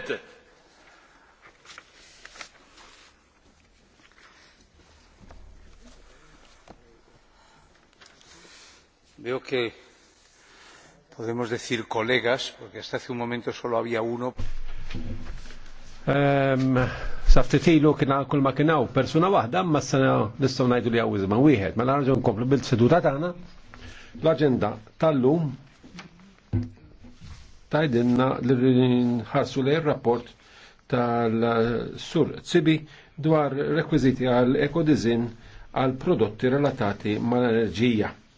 bitte. Veo que podemos decir colegas, porque hasta hace un momento solo había uno. Um, Saftitilu kien kull ma kienaw persuna waħda, ma s-sena nistaw najdu li għawizma wieħed, ma mela, l arġun komplu bil-seduta tagħna l-agenda tal-lum tajdenna li nħarsu lejn rapport tal-sur Zibi dwar rekwiziti għal ekodizin għal prodotti relatati mal-enerġija.